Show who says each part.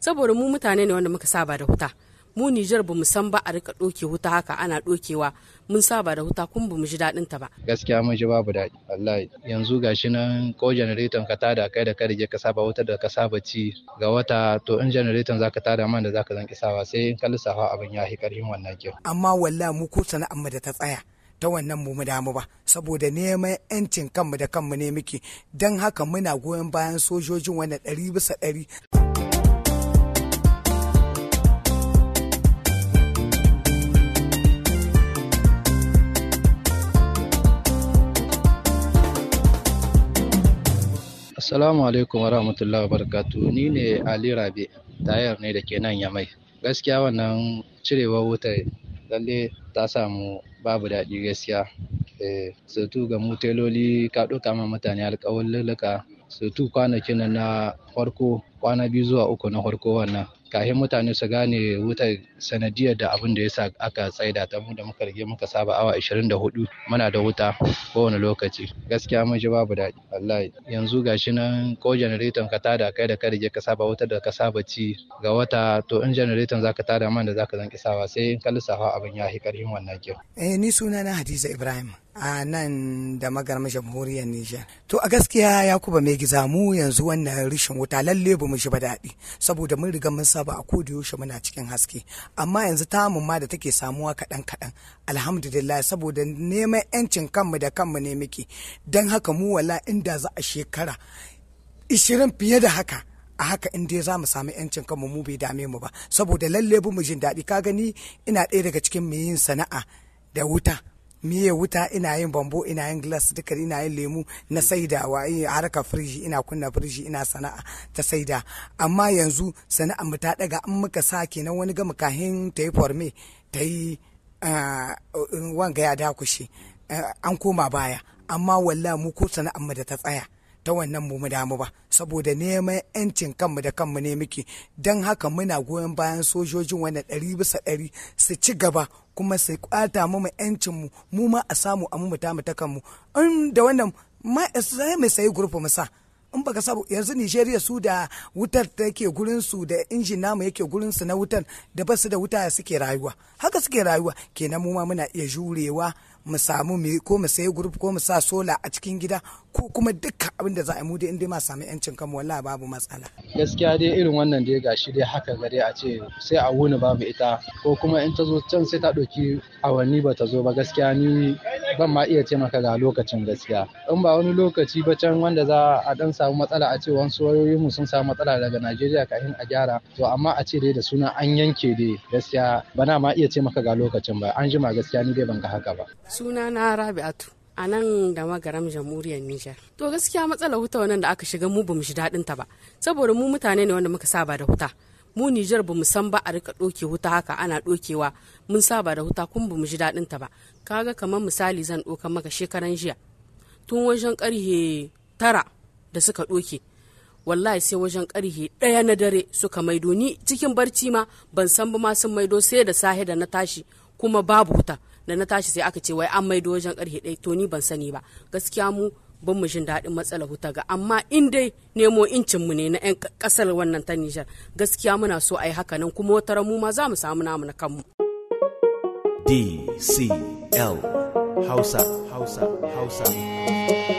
Speaker 1: saboda mu mutane ne wanda muka saba da huta mu Nijar ba san ba a rika doke wuta haka ana dokewa mun saba da wuta kuma ba mu ji daɗin ta ba.
Speaker 2: Gaskiya mun ji babu daɗi wallahi yanzu gashi nan ko generator ka tada kai da kai ka saba wutar da ka saba ci ga wata to in za zaka tada man da zaka zanki sawa sai in ka lissafa abin ya hi wannan kyau.
Speaker 3: Amma wallahi mu ko sana'ar mu da ta tsaya. ta wannan mu damu ba saboda neman yancin kanmu da kanmu ne muke don haka muna goyon bayan sojojin wanda ɗari bisa ɗari.
Speaker 2: Salamu alaikum warahmatullahi wabarakatuh ni ne Ali Rabe tayar ne da ke nan Yamai gaskiya wannan cirewar wutar lalle ta samu babu daɗi gaskiya eh ga mu ka ɗauka ma mutane alƙawallulluka kwana kwanakin na farko kwana biyu zuwa uku na farko wannan kahin mutane su gane wutar sanadiyar da abin da yasa aka tsaida ta mu da muka rige muka saba awa 24 muna da wuta kowane lokaci gaskiya mun ji babu daɗi wallahi yanzu gashi nan ko generator ka tada kai da ka rige ka saba wutar da ka saba ci ga wata to in generator zaka tada man da zaka zanki sawa sai in ka lissafa abin ya karhin
Speaker 3: wannan kyau eh ni suna na Hadiza Ibrahim a nan da magarma jamhuriyar Nijar. To a gaskiya Yakuba mai gizamu yanzu wannan rishin wuta lalle ba mu shi ba daɗi saboda mun riga mun sa yasa ba a koda yaushe muna cikin haske amma yanzu ta ma da take samuwa kaɗan kaɗan alhamdulillah saboda neman yancin kanmu da kanmu ne muke don haka mu wala inda za a shekara ishirin fiye da haka a haka in dai za mu samu yancin kanmu mu bai dame mu ba saboda lalle bu mu jin daɗi ka gani ina ɗaya daga cikin mai yin sana'a da wuta miye wuta ina yin bambo ina yin glass duka ina yin lemu na saida wa eh, harkar firji ina kunna firji ina sana'a ta saida amma yanzu sana'a mu ta daga in muka sa na wani ga mukahin ta yi forme ta yi eh, wanga ya dakushe eh, an koma baya amma walla mu ko sana'ar mu da ta tsaya ta wannan mu damu ba saboda neman yancin kanmu da kanmu ne muke don haka muna goyon bayan sojojin wannan ɗari bisa ɗari su ci gaba kuma sai kwata mu yancin mu mu ma a samu a mu ta mu kanmu in da wannan ma sai mai sayi gurfu mu sa in baka sabu yanzu Nigeria su da wutar da yake gurin su da injin namu yake gurin su na wutar da basu da wuta suke rayuwa haka suke rayuwa kenan mu ma muna iya jurewa mu samu mu ko mu sayi group ko mu sa sola a cikin gida ko kuma dukkan abin da za a mu da inda ma samu yancin kanmu wallahi babu matsala gaskiya dai irin
Speaker 2: wannan dai gashi dai haka gare a ce sai a wuni babu ita ko kuma in ta zo can sai ta ɗauki awanni ba ta zo ba gaskiya ni ban ma iya ce maka ga lokacin gaskiya in ba wani lokaci ba can wanda za a dan samu matsala a ce wasu mu sun samu matsala daga Najeriya kafin a gyara to amma a ce dai da suna an yanke dai gaskiya bana ma iya ce maka ga lokacin ba an jima gaskiya ni dai ban ga haka ba
Speaker 1: suna na rabi'atu a nan da magaram jamhuriyar Nijar. To gaskiya matsalar huta wannan da aka shiga mu bamu shi daɗin ta ba, saboda mu mutane ne wanda muka saba da huta. Mu Nijar bamu san ba a rika doke huta haka ana dokewa mun saba da huta kuma bamu shi daɗin ta ba. Kaga kamar misali zan doka maka shekaran jiya tun wajen ƙarhe tara da suka doke wallahi sai wajen karhe ɗaya na dare suka maido ni cikin barci ma ban san ba ma sun maido sai da sahe da na tashi kuma babu huta da na tashi sai aka ce wai an maido wajen karfe ɗaya to ni ban sani ba gaskiya mu ban mu jin daɗin matsala huta ga amma in dai nemo incin mu ne na yan kasar wannan ta Nijar gaskiya muna so a yi haka nan kuma wata mu ma za mu samu namu na kanmu. DCL Hausa Hausa Hausa.